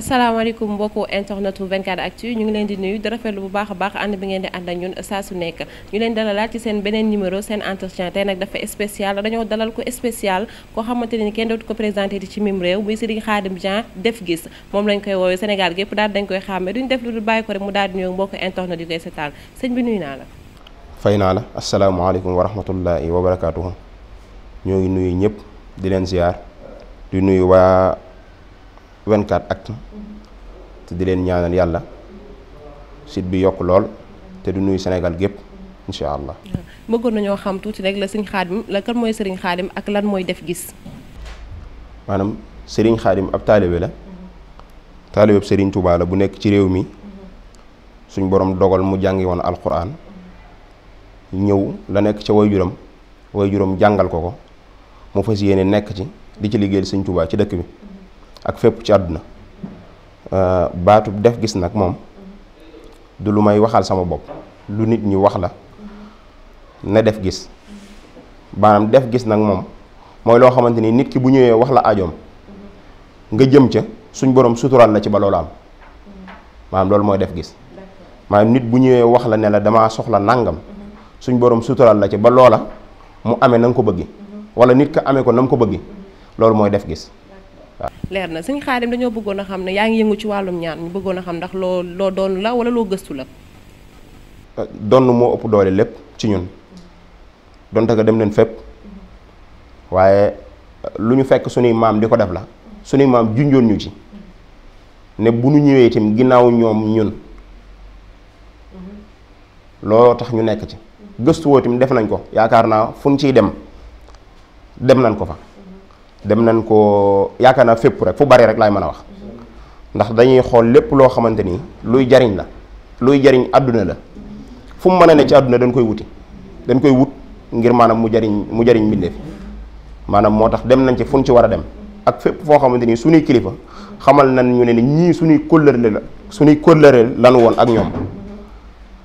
asalaamaaleykum mbokku internetu 24 actu ñu ngi leen di nuyu di rafetlu bu baax a baax ànd bi ngeen di ànd ak ñun saa su nekk ñu leen dalalaat ci seen beneen numéro seen entretien tey nag dafa spécial dañoo dalal ko spécial koo xamante ni kenn dootu ko présenté ci mim réew muy Serigne Khadim Dieng def gis moom lañ koy woowee Sénégal gépp daal dañ koy xàmmee duñ def lu dul bàyyi ko rek mu daal di ñëw mbokku internet yi koy seetaan sëñ bi naa la. fay naa la asalaamaaleykum wa rahmatullahi wa barakaatuhu ñoo ngi nuyu ñëpp di leen ziar di nuyu 24 ak te di leen ñaanal yàlla site bi yokk lool te du nuyu senegal gépp incha allah. bëggoon nañoo xam tuuti rek la sëriñ xaadim la mooy sëriñ xaadim ak lan mooy def gis. maanaam sëriñ xaadim ab taalibe la. taalibe sëriñ Touba la bu nekk ci réew mi suñ borom dogal mu jàngi woon alquran ñëw la nekk ca waajuram juróom jàngal ko ko mu fas yéene nekk ci di ci liggéeyal sëriñ Touba ci dëkk bi. ak fépp ci àdduna euh, baatu def gis nag moom du lu may waxal sama bopp lu nit ñi wax la ne def gis maanaam def gis nag moom mooy loo xamante ni nit ki bu ñëwee wax la ajoom nga jëm ca suñ borom suturaal la ci ba loolu loolu mooy def gis maanaam nit bu ñëwee wax la ne la damaa soxla nangam suñ borom suturaal la ci ba loola mu amee na nga ko bëgg wala nit ka amee ko na mu ko bëgg loolu mooy def gis. waaw. leer na suñu xaadim dañoo bëggoon a xam ne yaa ngi yëngu ci wàllum ñaan ñu bëggoon a xam ndax loo loo doon la wala loo gëstu la. donn moo ëpp doole lépp ci ñun donte dem leen fépp waaye lu ñu fekk suñuy maam di ko def la suñuy maam junjoon ñu ci ne bu ñu ñëwee itam ginnaaw ñoom ñun loo tax ñu nekk ci gëstu woo itam def nañ ko yaakaar naa fu ñu ciy dem dem nañ ko fa. dem nañ ko yaakaar naa fépp rek fu bari rek laay mën a wax ndax dañuy xool lépp loo xamante ni luy jariñ la luy jariñ àdduna la fu mu mën a ne ci àdduna dañ koy wuti dañ koy wut ngir maanaam mu jariñ mu jariñ mbindeef maanaam moo tax dem nañ ci fu ñu ci war a dem ak fépp foo xamante ni suñuy kilifa xamal nan ñu ne ni ñii suñuy kóllëre la suñuy kóllëre lan woon ak ñoom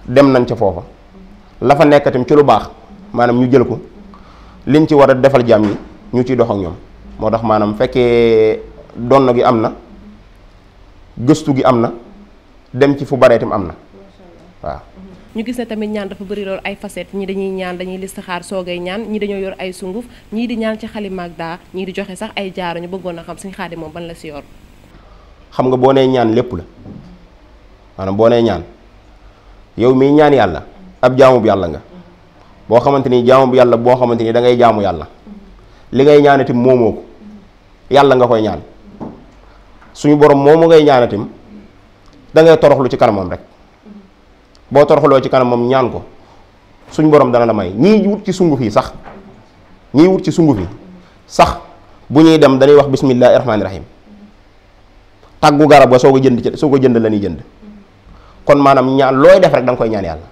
dem nañ ca foofa la fa nekkatam ci lu baax maanaam ñu jël ko liñ ci war a defal jàmm yi ñu ciy dox ak ñoom moo tax maanaam fekkee donn gi am na gëstu gi am na dem ci fu bareetam am na waaw mhm. ñu gis ne tamit ñaan dafa bari loolu ay facettes ñi dañuy ñaan dañuy listixaar soogay ñaan ñi dañoo yor ay sunguf ñii di ñaan ci xalima ak daa ñii di joxe sax ay jaaro ñu bëggoon a xam suñu xaadi moom ban la si yor xam nga boo nee ñaan lépp la maanaam boo nee ñaan yow mii ñaan yàlla ab jaamu bu yàlla nga mhm. boo xamante ni jaamu bu yàlla boo xamante ni dangay ngay jaamu yàlla mhm. li ngay ñaanati moomoo yàlla nga koy ñaan suñu borom moomu ngay ñaanatim da dangay toroxlu ci kanamam rek boo toroxloo ci kanamam ñaan ko suñu borom dana la may ñii wut ci sunguf yi sax ñii wut ci sunguf yi sax bu ñuy dem dañuy wax bismillaahi rahmaani rahim tàggu garab ga soo ko jënd ci soo ko jënd la ñuy jënd kon maanaam ñaan looy def rek da nga koy ñaan yàlla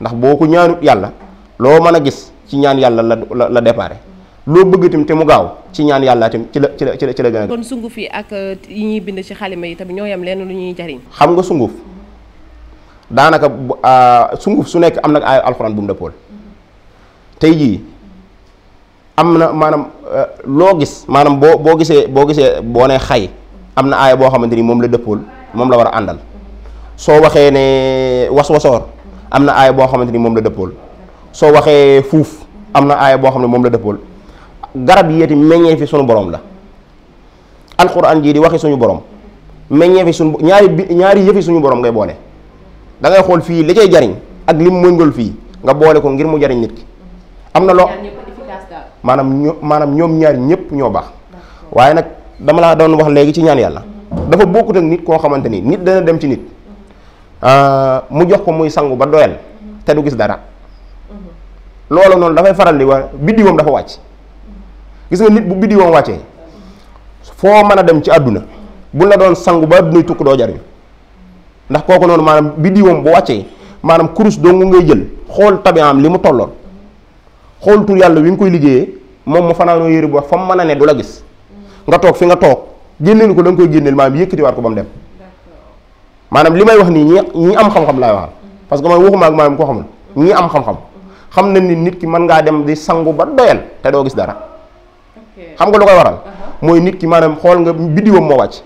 ndax boo ko ñaanut yàlla loo mën a gis ci ñaan yàlla la la déparé loo bëgg itam te mu gaaw ci ñaan yàlla itam ci la ci la ci la ci la gën a. kon sunguf yi ak uh, yi ñuy bind ci xalima yi tamit ñoo yam leen lu ñuy jariñ. xam nga sunguf daanaka uh, sunguf su nekk am na ay alxuraan bu mu dëppool tey jii am na maanaam uh, loo gis maanaam boo boo gisee boo gisee boo xay am na aaya boo xamante ni moom la dëppool moom la war a àndal soo waxee ne waswasoor am na aaya boo xamante ni moom la dëppool soo waxee fuuf am na aaya boo xam ne moom la dëppool. garab yi yéeti meññee fi suñu boroom la alxuraan jii di waxi suñu borom meññee fi suñu ñaari bi ñaari yëfi suñu borom ngay boole dangay xool fii li cay jariñ ak li mu mëngol fii nga boole ko ngir mu jariñ nit ki am na loo maanaam maanaam ñoom ñaar ñëpp ñoo baax waaye nag dama laa doon wax léegi ci ñaan yàlla dafa bokkut ak nit koo xamante ni nit dana dem ci nit mu jox ko muy sangu ba doyal te du gis dara mhm. loolu noonu dafay faral di wa biddiwam dafa wàcc gis nga nit bu biddiwoom wàccee foo mën a dem ci àdduna bu la doon sangu ba àddunay tukk doo jariñ ndax kooku noonu maanaam biddiwoom bu wàccee maanaam kurus dong ngay jël xool tabiam li mu tolloon xool tur yàlla wi nga koy liggéeyee moom mu fanaanoo yére bu wax fa mu man a ne du la gis nga toog fi nga toog génneel ko da nga koy génneel maanaam yëkkatiwaat ko ba mu dem maanaam li may wax nii ñi ñi am xam-xam laay waxal parce que man waxuma ak maanaam ko xamul ñi am xam-xam nañ ni nit ki mën ngaa dem di sangu ba doyal te gis dara xam nga lu koy waral uh-huh. mooy nit ki maanaam xool nga biddiwam moo wàcc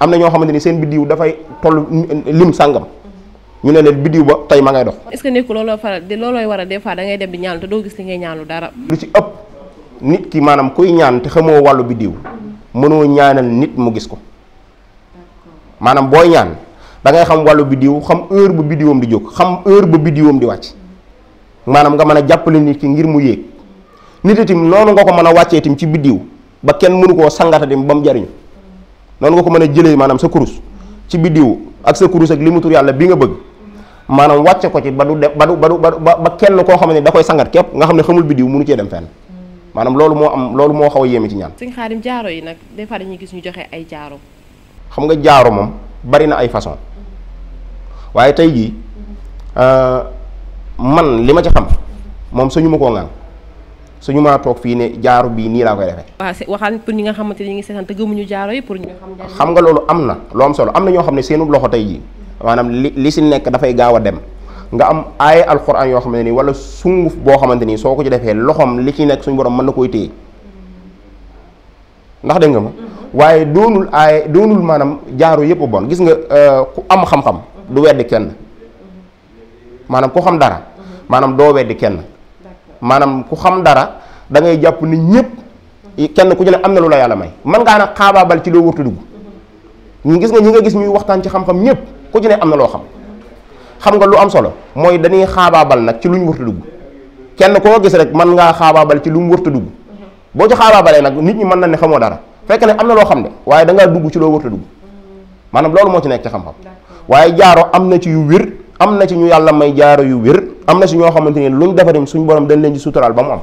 am na ñoo xamante ni seen biddiw dafay toll lim sàngam uh-huh. ñu ne leen biddiw ba tey ma ngay dox est-ce que nekkul faral di loolooy waral des fois da ngay dem di ñaanu doo gis li ngay ñaanu dara lu ci ëpp nit ki maanaam kuy ñaan te xamoo wàllu biddiw uh-huh. mënoo ñaanal nit mu gis ko maanaam booy ñaan dangay ngay xam wàllu biddiw xam heure bu biddiwam di jóg xam heure bu biddiwam di wàcc maanaam nga mën a jàppale nit ki ngir mu yéeg nit itam noonu nga ko mën a wàccee itam ci biddiw ba kenn mënu koo sangata dem ba mu jariñ noonu nga ko mën a jëlee maanaam sa kurus ci biddiw ak sa kurus ak li mu tur yàlla bi nga bëgg maanaam wàcce ko ci ba du dem ba du ba du ba kenn koo xam ne da koy sangat képp nga xam ne xamul biddiw mënu cee dem fenn maanaam loolu moo am loolu moo xaw a yéeme ci ñaan. Sëñ Xaadim jaaro yi nag des fois dañuy gis ñu joxe ay jaaro. xam nga jaaro moom bari na ay façon waaye tey jii euh, man li ma ci xam moom sañu ma suñu maa toog fii ne jaaro bii nii laa koy defee. waaw waxal pour ñi nga xamante ne ñu ngi seetaan te gëmuñu jaaro yi pour ñu xam. xam nga loolu am na lu solo am na ñoo xam ne seenu loxo tey jii maanaam li li si nekk dafay gaaw a dem nga am ay alxuraan yoo xam ne nii wala sunguf boo xamante nii soo ko ci defee loxoom li ci nekk suñu borom mën na koy téye ndax dégg nga ma waaye doonul ay doonul maanaam jaaro yépp bon gis nga euh, ku am xam-xam du weddi kenn maanaam ku xam dara maanaam doo weddi kenn. maanaam ku xam dara da ngay jàpp nit ñëpp kenn ku ci ne am na lu la yàlla may man ngaa nag xaabaabal ci loo wartu dugg ñu gis nga ñi nga gis ñuy waxtaan ci xam-xam ñëpp ku ci ne am na loo xam xam nga lu am solo mooy dañuy xaabaabal nag ci lu ñu wartu dugg kenn koo gis rek mën ngaa xaabaabal ci lu mu wartu dugg boo ci xaabaabalee nag nit ñi mën na ne xamoo dara fekk ne am na loo xam ne waaye da dugg ci loo wartu dugg maanaam loolu moo ci nekk xam am na ci ñu yàlla may jaaro yu wér am na si ñoo xamante ni luñ defarim suñ borom dañ leen ci suturaal ba mu am.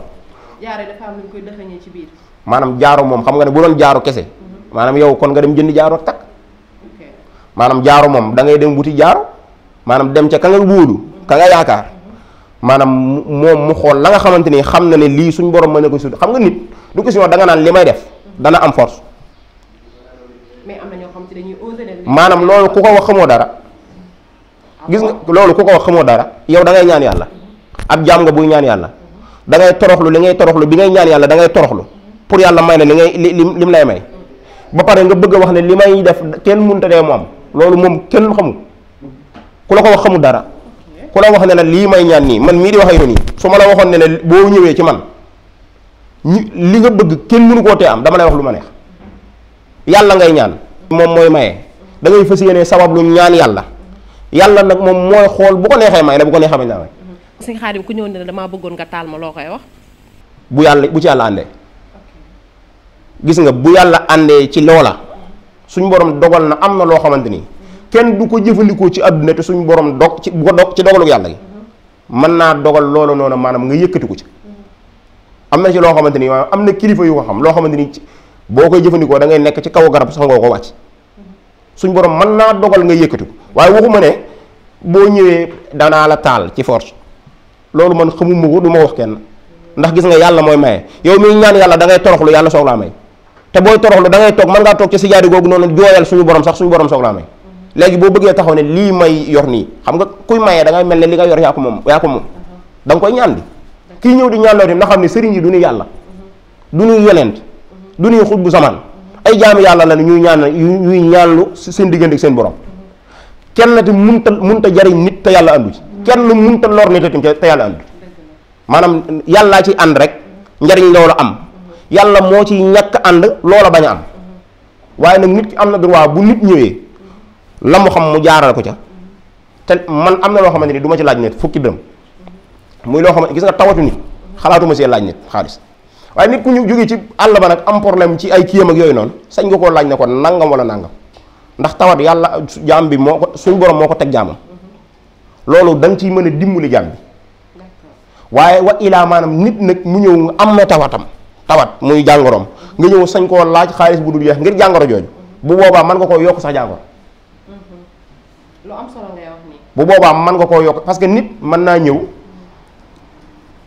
maanaam jaaro moom xam nga ne bu jaaro kese. Mhm. maanaam yow kon nga dem jëndi jaaro takk. maanaam jaaro moom da ngay dem wuti jaaro maanaam dem ca ka nga wóolu yaakaar mhm. maanaam moom mu xool la nga xamante ni xam na ne lii suñ borom mën na ko sut xam nga nit du ko si da nga naan li may def dana am force. maanaam loolu ku ko wax xamoo dara. gis nga loolu ku ko wax xamoo dara yow dangay ñaan yàlla ab jaam nga buy ñaan yàlla dangay ngay toroxlu li ngay toroxlu bi ngay ñaan yàlla da ngay toroxlu pour yàlla may na li ngay li lim lay may ba pare nga bëgg a wax li may def kenn mënta dee moom loolu moom kenn xamul ku la ko wax xamul dara ku wax ne la lii may ñaan nii man mii di waxee ak yow nii su ma la waxoon ne ne boo ñëwee ci man ñu li nga bëgg kenn mënu koo tee am dama lay wax lu ma neex yàlla ngay ñaan moom mooy maye da ngay fas yéene sabab lu ñaan yàlla yàlla nag moom mooy xool bu ko neexee may la bu ko neexee bañ laa may. sëñ Xaadim ku ñëw ne damaa bëggoon nga taal ma loo koy wax. bu yàlla bu ci yàlla àndee. gis nga bu yàlla àndee ci loola suñu borom dogal na am na loo xamante ni kenn du ko jëfandikoo ci àdduna te suñu borom dog ci bu ko dog ci dogalu yàlla gi mën naa dogal loola noonu maanaam nga yëkkati ko ci. am na ci loo xamante ni am na kilifa yu ko xam loo xamante ni boo koy jëfandikoo da ngay nekk ci kaw garab sax nga ko wàcc. suñu borom mën naa dogal nga yëkkatu waaye waxuma ne boo ñëwee danaa la taal ci force loolu man xamuma ko du ma wax kenn ndax gis nga yàlla mooy maye yow mi ñaan yàlla da ngay toroxlu yàlla soog laa may te booy toroxlu da ngay toog mën ngaa toog ci sijaadi googu noonu jooyal suñu borom sax suñu borom soog laa may léegi boo bëggee taxaw ne lii may yor nii xam nga kuy mayee da ngay mel ne li nga yor yaa ko moom yaa ko moom da nga koy ñaan di kii ñëw di ñaan loolu na xam ne sëriñ yi du ñu yàlla du ñu du ñu xut ay jaamu yàlla la ñuy ñaan ñuy ñaanlu seen diggante seen borom kenn te munta munta jariñ nit te yàlla andu ci kenn munta lor nit te yàlla andu maanaam yàllaa ci ànd rek njariñ loolu am yàlla moo ci ñàkk ànd loola bañ a am waaye nag nit ki am na droit bu nit ñëwee la mu xam mu jaaral ko ca te man am na loo xam ni du ma ci laaj nit fukki dërëm muy loo xam gis nga tawatu nit xalaatuma see laaj nit xaalis waaye nit ku ñu jóge ci àll ba nag am problème ci ay kiyam ak yooyu noonu sañ nga koo laaj na ko nangam wala nangam ndax tawat yàlla jaam bi moo ko suñ borom moo ko teg jaamam loolu da nga ciy mën a dimbali jaam bi waaye wa ilaa maanaam nit nag mu ñëw am na tawat muy jàngoroom nga ñëw sañ koo laaj xaalis bu dul yeex ngir jàngoro jooju bu boobaa mën koo yokk sax jàngoro. Mm-hmm. am boobaa mën nga koo yokk parce que nit mën naa ñëw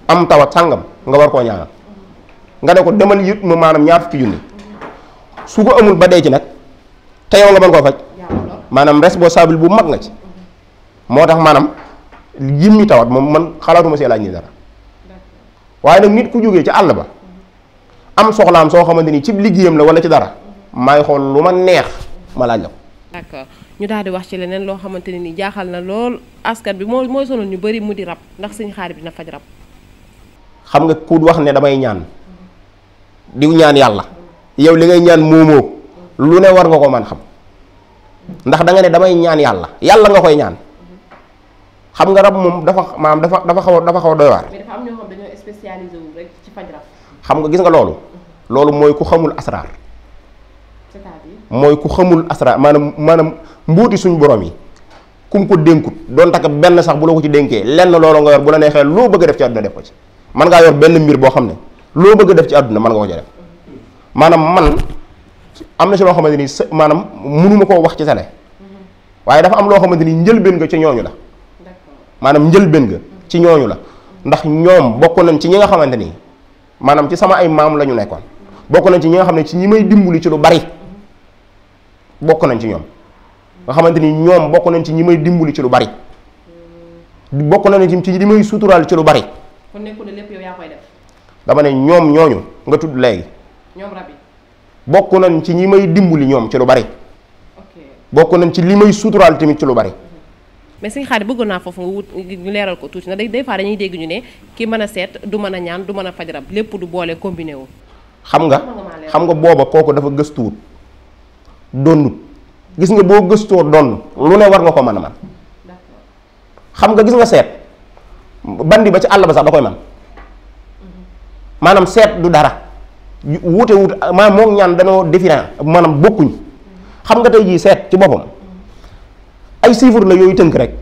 am tawat sàngam nga war koo ñaanal. nga ne ko demal yit ma maanaam ñaar fukki junni su ko amul ba dee ci nag te yow nga mën koo faj maanaam responsable bu mag nga ci moo tax maanaam yim ñu tawat moom man xalaatuma see laaj ni dara waaye nag nit ku jógee ci àll ba am soxlaam soo xamante ni ci liggéeyam la wala ci dara maay xool lu ma neex ma laaj la ko. ñu daal di wax ci leneen loo xamante ne ni jaaxal na lool askan bi mooy mooy sonal ñu bari mu di rab ndax suñu xaar bi dina faj rab. xam nga ku wax ne damay ñaan. diw ñaan yàlla yow li ngay ñaan moomoo lu ne war nga ko man xam ndax danga ne damay ñaan yàlla yàlla nga koy ñaan xam nga rab moom dafa maam dafa dafa xaw a dafa xaw a waar. xam nga gis nga loolu. loolu mooy ku xamul asraar. c'est-à-dire mooy ku xamul asraar maanaam maanaam mbuuti suñu borom yi. kum ko dénkut doon takk benn sax bu la ko ci dénkee lenn loolu nga yor bu la neexee loo bëgg a def ci àdduna def ko ci man ngaa yor benn mbir boo xam ne. loo bëgg def ci àdduna mën nga ko def maanaam man am na si loo xamante ni sa maanaam mënuma koo wax ci sene waaye dafa am loo xamante ni njëlbeen nga ci ñooñu la maanaam njëlbeen nga ci ñooñu la ndax ñoom bokk nañ ci ñi nga xamante ni maanaam ci sama ay maam lañu nekkoon bokk nañ ci ñi nga xam ne ci ñi may dimbali ci lu bari bokk nañ ci ñoom nga xamante ni ñoom bokk nañ ci ñi may dimbali ci lu bari bokk nañ ci ñi may suturaal ci lu bari. kon dama ne ñoom ñooñu nga tudd léegi. ñoom bokk nañ ci ñi may dimbali ñoom ci lu bari. bokk nañ ci li may suturaal tamit ci lu bari. Mhm. mais suñu xaar bëggoon naa foofu nga wut ñu leeral ko tuuti na day des fois dañuy dégg ñu ne ki mën a seet du mën a ñaan du mën a faj rab lépp du boole combiné wu. xam nga xam nga booba kooku dafa gëstuwut donnut gis nga boo gëstoo donn lu ne war nga ko mën a man xam nga gis nga seet bandi ba ci àll ba sax da koy man maanaam seet du dara wuute wuute maa moom ñaan dañoo différent maanaam bokkuñ xam nga tey jii seet ci boppam ay chiffres la yooyu tënk rek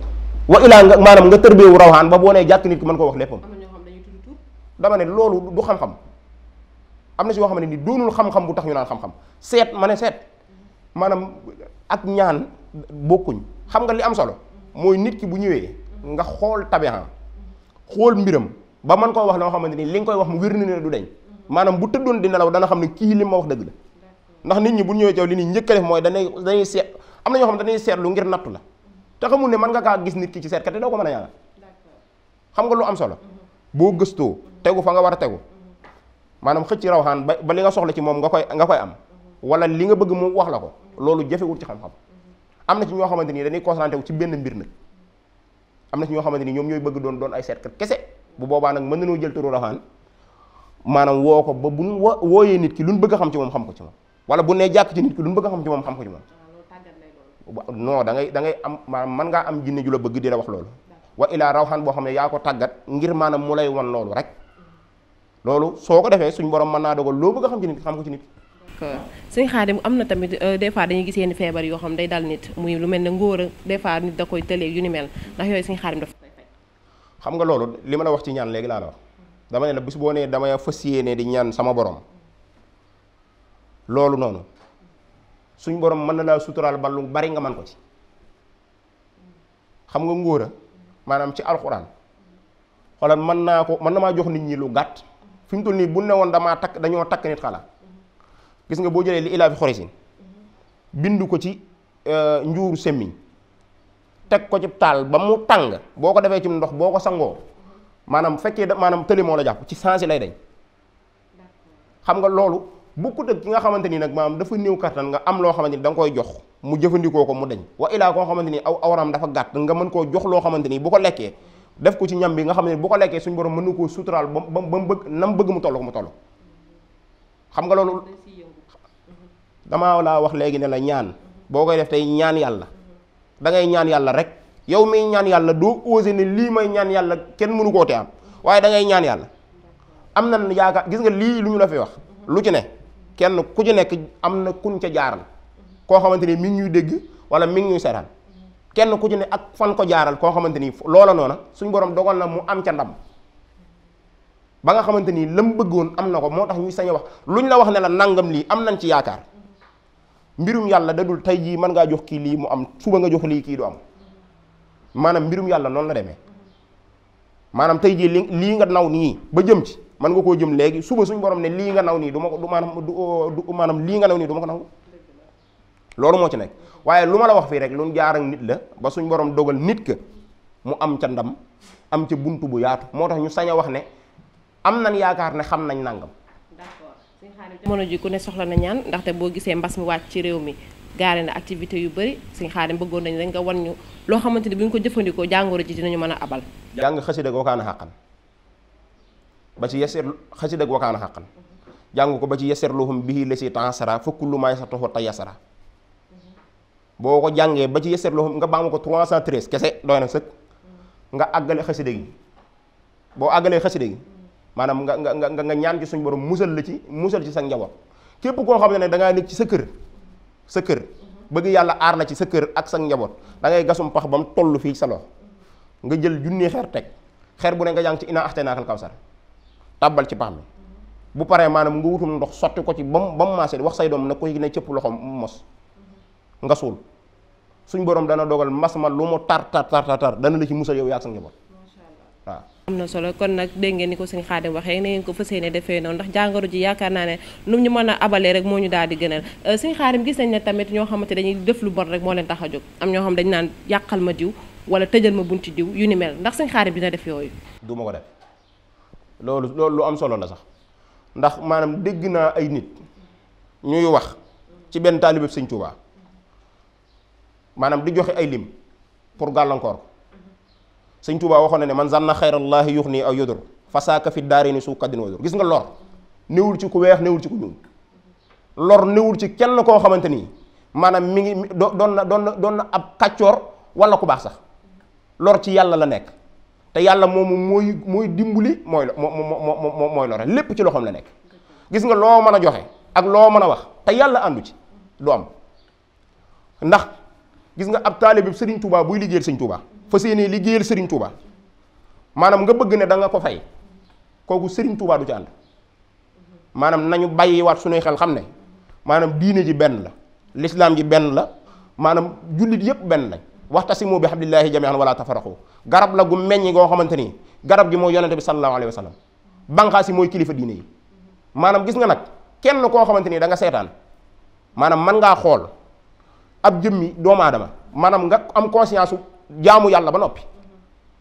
wa ilaa nga maanaam nga tërbeewu rawxaan ba boo nee jàkk nit ki mën koo wax léppam dama ne loolu du xam-xam am na si yoo xam ne ni doonul xam-xam bu tax ñu naan xam-xam seet ma ne seet maanaam ak ñaan bokkuñ xam nga li am solo mooy nit ki bu ñëwee nga xool tabihan xool mbiram ba man koo wax loo xamante ni li nga koy wax mu wér na ne du dañ maanaam bu tëddoon di nelaw dana xam ne kii li ma wax ndax nit ñi bu ñëwee caw li ñuy njëkk a mooy danay dañuy seet am na ñoo xam ne dañuy seetlu ngir nattu la te xamul ne mën nga kaa gis nit ki ci seetkat te doo ko mën lu am solo boo gëstoo tegu fa nga war a tegu maanaam xëcc rawxaan ba ba li nga soxla ci moom nga koy nga koy am wala li nga bëgg mu wax la ko loolu jafewul ci xam-xam am na ci ñoo xamante ni dañuy concentré wu ci benn mbir nag am na ci ñoo xamante ni ñoom ñooy bëgg doon doon ay seetkat kese bu boobaa nag mën nañoo jël turu rawaan maanaam woo ko ba bu ñu woo wooyee nit ki lu ñu bëgg xam ci moom xam ko ci moom wala bu nee jàkk ci nit ki xam ci moom xam ko ci moom non ngay da am maanaam mën ngaa am jinne ju la bëgg di la wax loolu wa ilaa rawxaan boo xam ne yaa ko tàggat ngir maanaam mu lay wan loolu rek loolu soo ko defee suñ borom man naa dogal loo bëgg a xam ci nit ki xam ko ci nit ki suñ xaadim am na tamit euh, des fois dañuy gis yenn feebar yoo xam day dal nit muy lu mel ne ngóor a des fois nit da koy tëlee yu suñ xaadim dafa xam nga loolu li ma la wax ci ñaan léegi laa la wax dama ne la bis boo nee damay fas yéene di ñaan sama borom loolu noonu suñ borom mën na laa suturaal ba lu bari nga man ko ci xam nga ngóor maanaam ci alxuraan xoolal mën naa ko mën na maa jox nit ñi lu gàtt fi mu toll nii bu ne woon damaa takk dañoo takk nit xala gis nga boo jëlee li ilaa fi xorisin bind ko ci euh, njuur semmiñ teg ko ci taal ba mu tàng boo ko defee ci ndox boo ko sangoo maanaam fekkee da maanaam tëli moo la jàpp ci sens lay dañ xam nga loolu bokkut ak ki nga xamante ni nag maam dafa néew kattan nga am loo xamante ni nga koy jox mu jëfandikoo ko mu dañ wa ilaa koo xamante ni aw awram dafa gàtt nga mën koo jox loo xamante ni bu ko lekkee def ko ci ñam bi nga xam ne bu ko lekkee suñ borom mën na koo suturaal ba ba mu bëgg na mu bëgg mu toll ko mu toll xam nga loolu damaa laa wax léegi ne la ñaan boo koy def tey ñaan yàlla da ngay ñaan yàlla rek yow miy ñaan yàlla doo osé ne lii may ñaan yàlla kenn mënu koo te am waaye da ngay ñaan yàlla am na yaakaar gis nga lii lu ñu la fi wax lu ci ne kenn ku ci nekk am na kuñ ca jaaral koo xamante ni mi ngi ñuy dégg wala mi ngi ñuy kenn ku ci ne ak fan ko jaaral koo xamante ni loola noona suñ borom dogal na mu am ca ndam ba nga xamante ni lam bëggoon am na ko moo tax ñuy sañ a wax ñu la wax ne la nangam lii am nañ ci yaakaar mbirum yàlla da dul tey jii mën ngaa jox kii lii mu am suba nga jox lii kii du am maanaam mbirum yàlla noonu la demee maanaam tey jii li lii nga naw nii ba jëm ci mën nga koo jëm léegi suba suñ borom ne lii nga naw nii du ma ko du maanaam du maanaam lii nga naw nii du ma ko naw loolu moo ci nekk waaye lu ma la wax fii rek lu jaar nit la ba suñ borom dogal nit ka mu am ca ndam am ca bunt bu yaatu moo tax ñu sañ a wax ne am na yaakaar ne xam nañ nangam. jamono ji ku ne soxla na ñaan ndaxte boo gisee mbas mi wàcc ci réew mi gaare na activité yu bëri suñ xaadim bëggoon nañ rek nga wan ñu loo xamante ni bu ñu ko jëfandikoo jàngoor ji dinañu mën a abal jàng xasida a xàqan ba ci yeseer xasida wakaana xàqan jàng ko ba ci yeseer lohum bihi lesi tansara fukku lu maay sa toxu ta yasara boo ko jàngee ba ci yeseer lohum nga baamu ko 313 kese doy na sëkk nga àggale xasida gi boo àggalee xasida maanaam nga nga nga ñaan ci suñu borom musal la ci musal ci sa njaboot képp koo xam ne ne da ngaa ci sa kër sa kër bëgg yàlla aar la ci sa kër ak sa njaboot da ngay pax ba mu toll fii sa nga jël junni xeer teg xeer bu ne nga jàng ci inaa axte naakal kawsar tàbbal ci pax bu paree maanaam nga ndox sotti ko ci bam ba mu maasee wax say doom na ko ne cëpp loxo mos nga suul suñ borom dana dogal mas ma lu mu tar tar tar tar dana la ci musal yow yaa ak sa njaboot waaw am na solo kon nag dégg ngeen ni ko sëñ Xaadim waxee na ngeen ko fas yéene defee noonu ndax jàngoro ji yaakaar naa ne nu ñu mën a abalee rek moo ñu daal di gënal euh, sëñ Xaadim gis nañ ne tamit ñoo xamante dañuy def lu bon rek moo leen tax a jóg am ñoo xam dañu naan yàqal ma diw wala tëjal ma bunti diw yu ni mel ndax sëñ Xaadim dina def yooyu du ma ko def loolu loolu lu am solo la sax ndax maanaam dégg naa ay nit ñuy wax ci benn taalibe sëñ Tuubaa maanaam di joxe ay lim pour gàllankoor sëñ Tuubaa waxoon na ne man zanna xayrallaahi yux nii aw yodur fasaaka fi daari ni suu kaddin wadur gis nga lor néwul ci ku weex néwul ci ku ñuul lor néwul ci kenn koo xamante nii maanaam mi ngi doon na doon na doon na ab kàccoor wala ku baax sax lor ci yàlla la nekk te yàlla moomu mooy mooy dimbali mooy moo moo mooy lore lépp ci loxoom la nekk gis nga loo mën a joxe ak loo mën a wax te yàlla àndu ci du am ndax gis nga ab taalibe bi Sëriñ Tuubaa buy liggéeyal Sëriñ Tuubaa fas yéene liggéeyal sëriñ Touba maanaam nga bëgg ne danga ko fay kooku sëriñ Touba du ci ànd maanaam nañu bàyyiwaat suñuy xel xam ne maanaam diine ji benn la lislaam ji benn la maanaam jullit yépp benn lañ waxtasimu bi hablillahi jami'an wala tafarraqu garab la gu meññ goo xamante ni garab gi moo yonente bi sallallahu alayhi wa sallam banqaas yi mooy kilifa diine yi maanaam gis nga nag kenn koo xamante ni da nga seetaan maanaam man ngaa xool ab jëmmi doomu maanaam nga am conscience jaamu yàlla ba noppi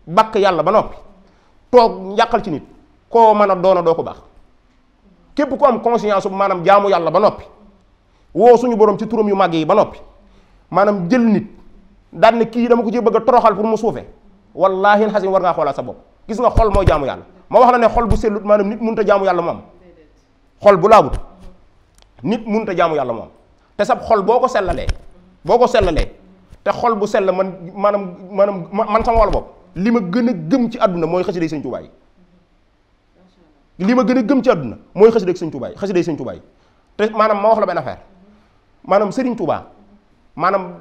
bakk yàlla ba noppi toog njàqal ci nit koo man a doona doo ko baax képp ku am conscience bu maanaam jaamu yàlla ba noppi woo suñu borom ci turam yu màgg yi ba noppi maanaam jël nit daan ne kii dama ko ci bëgg toroxal pour mu suufee wallaahi xasin war ngaa xoolaat sa bopp gis nga xol moo jaamu yàlla ma wax la ne xol bu sellut maanaam nit mënut a jaamu yàlla moom xol bu laabut nit mënut a jaamu yàlla moom te sab xol boo ko sellalee boo ko sellalee te xol bu sell man maanaam maanaam man sama wàll bopp li ma gën a gëm ci àdduna mooy xasiday sëñ Tuubaa yi li ma gën a gëm ci àdduna mooy xasiday sëñ Tuubaa yi xasiday sëñ Tuubaa yi te maanaam ma wax la benn affaire maanaam Sëriñ Tuubaa maanaam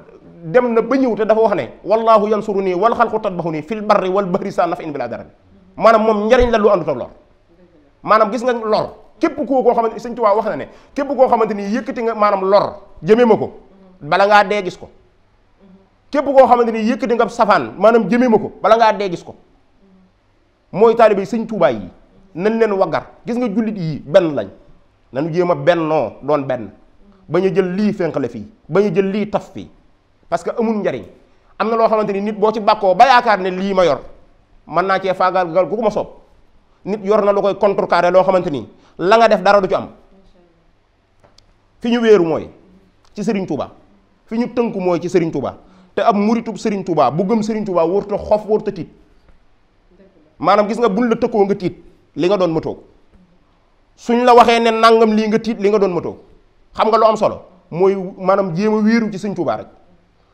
dem na ba ñëw te dafa wax ne wallahu yansuru nii wal xalqu tatbaxu nii fil barri wal bahri sa naf in bila dara maanaam moom njariñ la lu àndu lor maanaam gis nga lor képp koo koo xamante sëñ Tuubaa wax na ne képp koo xamante ni yëkkati nga maanaam lor jëmee ma ko bala ngaa dee gis ko képp koo xamante ni yëkkati nga safaan maanaam jëmee ma ko bala ngaa dee gis ko mooy taalibe yi sëñ tuubaay yi nañ leen waggar gis nga jullit yi benn lañ nañu jéem a bennoo doon benn bañ a jël lii fenqale fii bañu jël lii taf fii parce que amul njariñ am na loo xamante ni nit boo ci bàkkoo ba yaakaar ne lii ma yor mën naa cee faagaagal gu ko ma soob nit yor na lu koy contre contrecarrer loo xamante ni la nga def dara du ci am fi ñu wéeru mooy ci Serigne Touba fi ñu tënku mooy ci Serigne Touba te ab muritu Serigne Touba bu gëm Serigne Touba wóor ta xof wóor tiit maanaam gis nga buñ la tëkkoo nga tiit li nga doon matoo suñ la waxee ne nangam lii nga tiit li nga doon matoo xam nga lu am solo mooy maanaam jéem a wéeru ci sëñ Touba rek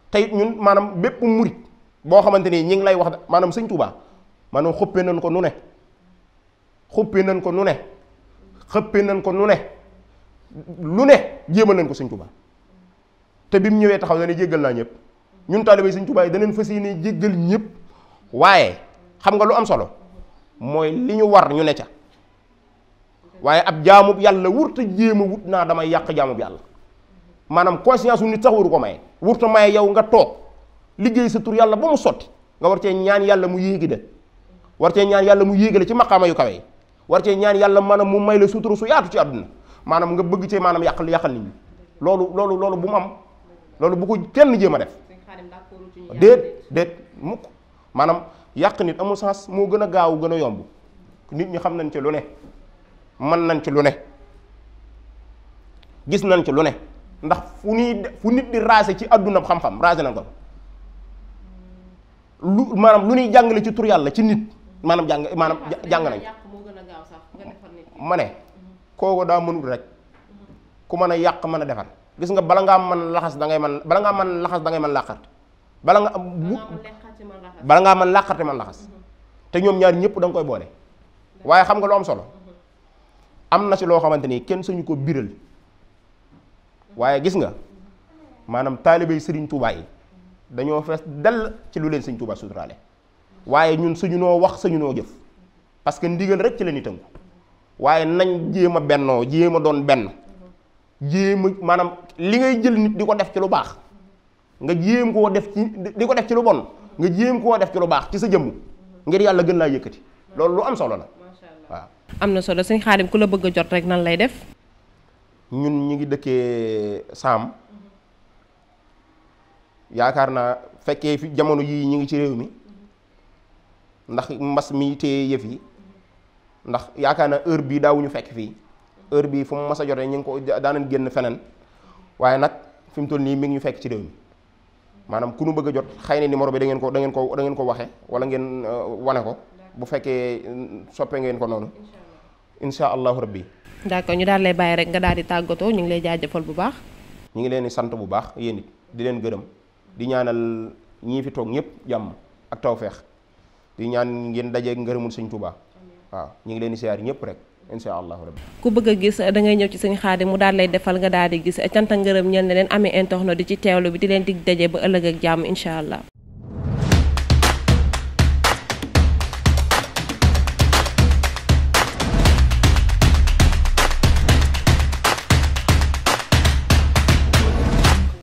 tey ñun maanaam bépp murit boo xamante ni ñi ngi lay wax maanaam sëñ Touba maanam xuppee nañ ko nu ne xuppee nañ ko nu ne xëppee nañ ko nu ne lu ne jéemal nañ ko sëñ Touba te bi mu ñëwee taxaw na ne jéggal naa ñëpp. ñun taalibay Sëñ Tuubaa yi danañ fas yéene jéggal ñëpp waaye xam nga lu am solo mooy li ñu war ñu ne ca waaye ab jaamub yàlla wurta jéem a wut naa damay yàq jaamub yàlla maanaam conscience su nit sax waru ko maye wurta maye yow nga toog liggéey sa tur yàlla ba mu sotti nga war cee ñaan yàlla mu yéegi de war cee ñaan yàlla mu yéegale ci maqaama yu kawe war cee ñaan yàlla maanaam mu may la sutura su yaatu ci àdduna maanaam nga bëgg cee maanaam yàqal yàqal nit ñi loolu loolu loolu bu mu loolu bu ko kenn jéem def déet déet mukk maanaam yàq nit amul sens moo gën a gaaw gën a yomb nit ñi xam nañ ci lu ne mën nañ ci lu ne gis nañ ci lu ne ndax fu ñuy fu nit di raase ci àdduna xam-xam raase nañ ko lu maanaam lu ñuy jàngale ci tur yàlla ci nit maanaam jàng maanaam jàng nañ ma ne kooku daa mënul rek ku mën a yàq mën a defar gis nga bala nga am man laxas da ngay mën bala ngaa mën laxas da ngay mën làqar bala nga am bu bala ngaa mën làqate man laxas mm-hmm. te ñoom ñaar ñëpp da koy boole mm-hmm. waaye xam nga lu am solo mm-hmm. am na si loo xamante ni kenn suñu ko biral waaye gis nga maanaam taalibe sëriñ Tuubaa yi dañoo fees dell ci lu leen sëriñ Tuubaa suturaale waaye ñun suñu noo wax suñu noo jëf parce que ndigal rek ci la ñuy tënku waaye nañ jéem a bennoo jéem a doon benn jéem maanaam li ngay jël nit di ko def ci lu baax nga jéem koo def ci di ko def ci lu bon nga jéem koo def ci lu baax ci sa jëmm ngir yàlla gën laa yëkkati loolu lu am solo la waaw. am na solo sëñ Xaadim ku la bëgg a jot rek nan lay def. ñun ñu ngi dëkkee Saam yaakaar naa fekkee fi jamono yii ñu ngi ci réew mi ndax mbas mi téye yëf yi ndax yaakaar naa heure bii daawuñu fekk fii heure bii fu mu mas a jotee ñu ngi ko daanañ génn feneen waaye nag fi mu toll nii mi ngi ñu fekk ci réew mi. maanaam ku nu bëgg a jot xëy ne numéro bi da ngeen ko da ko da ngeen ko waxe wala ngeen euh, wane ko bu fekkee mm, soppe ngeen ko noonu insha allahu rabbi d'accord ñu daal lay bàyyi rek nga daal di tàggatoo ñu ngi lay jaajëfal bu baax ñu ngi leen di sant bu baax yéen di leen gërëm di ñaanal ñii fi toog ñëpp jàmm ak tawfeex di ñaan ngeen dajeeg ngërëmul sëñ Tuubaa waaw ñu ngi leen di siyaar ñëpp rek incha allahu rabbi ku bëgg a gis da ngay ñëw ci sëñ Xaadim mu daal lay defal nga daal di gis canta ngërëm ñel ne leen amee intox na di ci teewlu bi di leen dig daje ba ëllëg ak jàmm incha allah